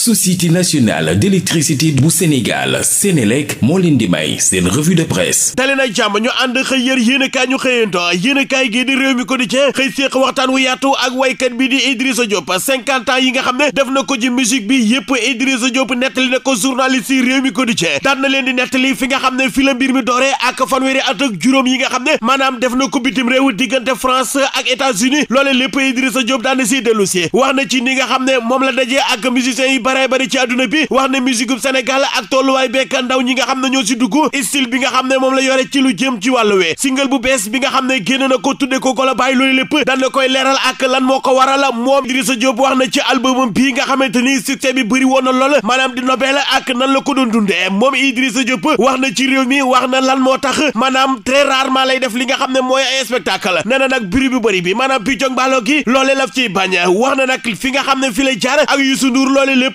société nationale d'électricité bu Sénégal Sénélec moo leen di may seen revue de presse dali na jàmm ñu ànd xëy yër yéenekaay ñu xëyanto yéenekaay gi di réew mi quotidien xëy séeq waxtaan wu yaatu ak waykat bi di Idrissa Diop cinquante ans yi nga xam ne def na ko ci musique bi yépp Idrissa Diop nettali na ko journaliste réew mi quotidien daan na leen di nettali fi nga xam ne fi la mbir mi dooree ak fanweeri at juróom yi nga xam ne maanaam def na ko bitim réew diggante France ak États-Unis loolee lépp Idrissa Diop daan na nga xam ne moom la dajee bare bari ci àdduna bi wax ne musique bu ak tolluwaay bekk ndaw ñi nga xam ne ñoo si dugg style bi nga xam ne moom la yore ci lu jëm ci wàllu wee single bu bees bi nga xam ne génn na ko tudde ko ko la bàyyi lépp daan na koy leeral ak lan moo ko waral moom Idrissa Diop wax na ci albumam bii nga xamante ni succès bi bëri woon na lool maanaam di nobel ak nan la ko doon dundee moom Idrissa Diop wax na ci réew mi wax na lan moo tax maanaam très rarement li nga xam ne mooy ay spectacle nee na nag bruit bu bëri bi maanaam piccog mbaalo gi na nag fi nga xam ne fi lay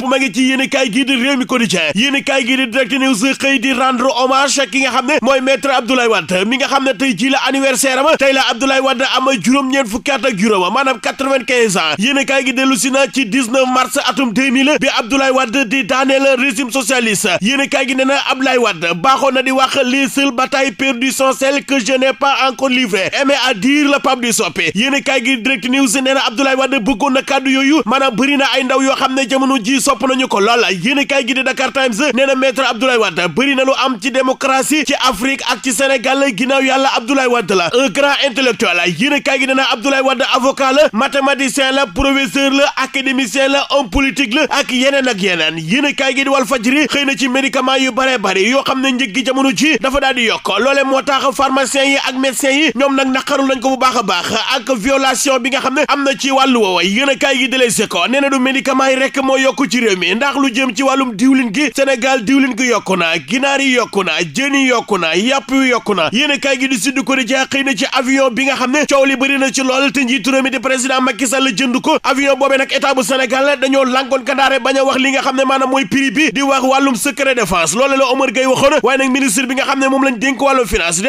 ma ngi ci yéen kaay gii di réew mi quotidien yéen kaay gii di direct news xëy di rendre hommage ki nga xam ne mooy maître Abdoulaye Wade mi nga xam ne tey jii la anniversaire am tey la Abdoulaye Wade am juróom-ñeent fukki at ak juróom maanaam quatre-vingt-quinze ans yéen kaay gi dellu si na ci 19 mars atum 2000 bi Abdoulaye Wade di daaneel régime socialiste yéen kaay gi nee na Abdoulaye Wade baaxoon na di wax les seules batailles perdues sont celles que je n'ai encore livrées yooyu maanaam bëri na ay yoo xam ne jamono topp nañu ko lool yéenekaay gi di Dakar Times nee na maître Abdoulaye Wade bëri na lu am ci démocratie ci Afrique ak ci Sénégal ginnaaw yàlla Abdoulaye Wade la un grand intellectuel yéenekaay gi nee na Abdoulaye Wade avocat la mathématicien la professeur la académicien la homme politique la ak yeneen ak yeneen kay gi di Walf Fadjri xëy na ci médicaments yu bare bari yoo xam ne njëg gi jamono ji dafa daal di yokk loole moo tax pharmaciens yi ak médecins yi ñoom nag ko bu baax a baax bi nga xam ne am na ci wàllu woowa yéenekaay gi di Les yokk ci réew mi ndax lu jëm ci wàllum diwlin gi Sénégal diwlin gi yokku na ginaar yi yokku na jën yi yokku na yàpp yi yokku na yéen a kaay gi di Sud Quotidien xëy na ci avion bi nga xam ne coow li na ci lool te njiitu réew mi di président jënd ko avion boobee nag état bu dañoo lànkoon kandaare bañ wax li nga xam ne maanaam mooy prix di wax wàllum secret défense loolu la Omar Gueye waxoon waaye nag ministre bi nga xam ne moom lañ dénk wàllum finance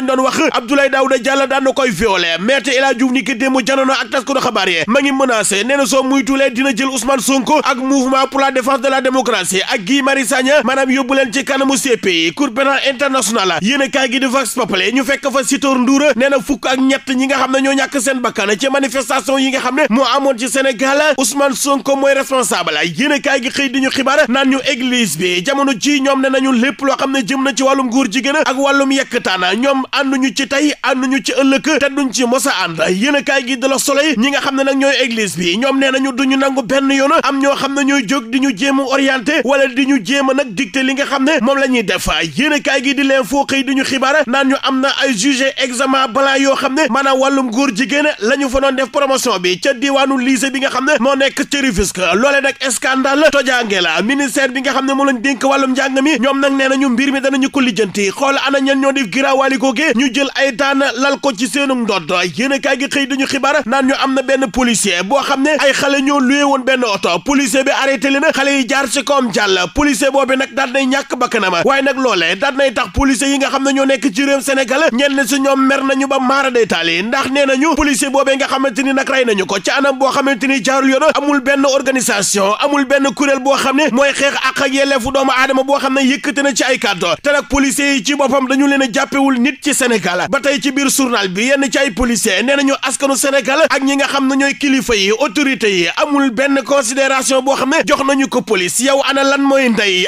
lañ doon wax Abdoulaye Daouda Diallo daan na koy violé maître El Hadji Diouf ni ki démb janono ak tas ko do xabaar ma ngi menacé nee na soo muy tulee dina jël Ousmane Sonko ak mouvement pour la défense de la démocratie ak Guy Marius Sagna maanaam yóbbu leen ci kanamu CPI Cour pénale internationale yéen a kaay gi di Vox Populi ñu fekk fa Sitor Ndour nee na fukk ak ñett ñi nga xam ne ñoo ñàkk seen bakkan ci manifestation yi nga xam ne moo amoon ci Sénégal Ousmane Sonko mooy responsable yéen a kaay xëy di ñu xibaar naan ñu église bi jamono ji ñoom ne nañu lépp loo xam ne jëm na ci wàllum góor jigéen ak wàllum yekkataan ñoom ànduñu ci tey ànduñu ci ëllëg te duñ ci mosa a ànd yéenekaay gi de la Soleil ñi nga xam ne nag ñooy église bi ñoom nee nañu duñu nangu benn yoon am ñoo xam ne ñooy jóg di jéem orienté wala di ñu jéem a nag dicté li nga xam ne moom la ñuy def yéenekaay gi di l'info xëy di ñu xibaar naan ñu am na ay juge examen balaa yoo xam ne maanaam wàllum góor jigéen la ñu fa doon def promotion bi ca diwaanu lycée bi nga xam ne moo nekk ci Rufisque loolee nag scandale tojaange la ministère bi nga xam ne moo lañ dénk wàllum njàng mi ñoom nag nee nañu mbir mi danañu ko lijjanti xool ana ñoo def giraawaali Mbacké ñu jël ay daan lal ko ci seenu ndodd yéen a kaay gi xëy dañu xibaar naan ñu am na benn policier boo xam ne ay xale ñoo luye woon benn oto policier bi arrêté leen xale yi jaar ci koom jàll policier boobu nag daan nay ñàkk bakkanam waaye nag loole daan nay tax policier yi nga xam ne ñoo nekk ci réew Sénégal ñenn ci ñoom mer nañu ba maara taale taali ndax nee nañu policier boobee nga xamante ni nag rey nañu ko ci anam boo xamante ni jaarul yoon amul benn organisation benn kuréel boo xam ne mooy xeex ak ak yelleefu doomu aadama boo xam ne yëkkate na ci ay kàddu te nag policier ci boppam dañu leen a jàppewul nit ci Sénégal ba tey ci biir journal bi yenn ci ay policiers nee nañu askanu Sénégal ak ñi nga xam ne ñooy kilifa yi autorité yi amul benn considération boo xam ne jox nañu ko police yow ana lan mooy ndey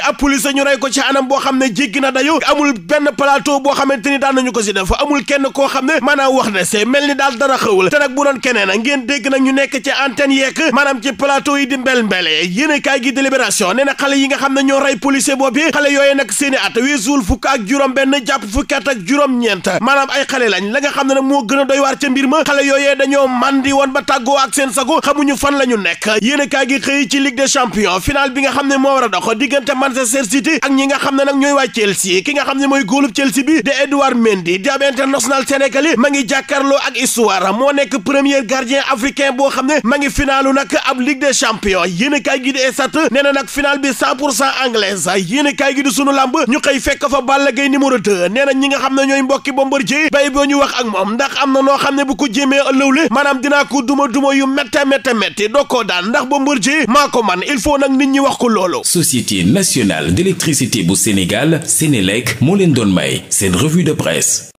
ko ci anam boo xam ne jéggi na dayu amul benn plateau boo xamante ni daan nañu ko si def amul kenn koo xam ne maanaam wax ne see mel ni daal dara xewul te nag bu doon keneen ngeen dégg nag ñu nekk ci antenne yeeg maanaam ci plateau yi di mbel mbele yéen kaay gi délibération nee na xale yi nga xam ne ñoo rey policier boobu xale yooyu nag seeni at weesul fukk ak juróom benn jàpp fukkat ak juróom-ñeent maanaam ay xale lañ la nga xam ne nag moo gën a doy waar ca mbir ma xale yooyee dañoo mandi woon ba tàggoo ak seen sago xamuñu fan la nekk yéen gi xëy ci Ligue des champions final bi nga xam ne moo war a dox diggante Manchester City ak ñi nga xam ne nag ñooy waa Chelsea ki nga xam ne mooy góolub Chelsea bi de Edouard Mendy di ab international sénégalais ma ngi jàkkaarloo ak histoire moo nekk premier gardien africain boo xam ne ma ngi finaalu nag mbokki Bombardier bay boo ñu wax ak moom ndax am na noo xam ne bu ko jéemee ëllëwle maanaam dinaa ko duma duma yu métte métte métti doo koo daan ndax Bombardier maa ko man il faut nag nit ñi wax ko loolu Société nationale d'électricité bu Sénégal Sénélec moo leen doon may seen revue de presse